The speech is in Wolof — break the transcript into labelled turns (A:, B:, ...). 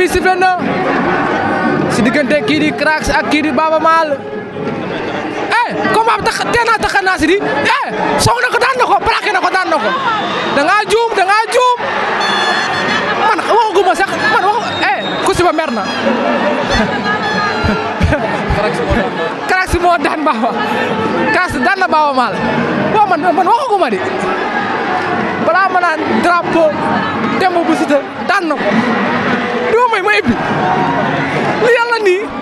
A: bi sifflé si diggante kii di Cracks ak kii Maal eh combat bi tax teel naa tax di eh song ko daan na ko ko daan na ko da ngaa juum da ngaa juum man waxaguma man wax eh ku si ba mer na. Cracks moo daan Baba Cracks daan na Baba Maal waaw man man waxaguma di balaa ma naan drapeau démb bu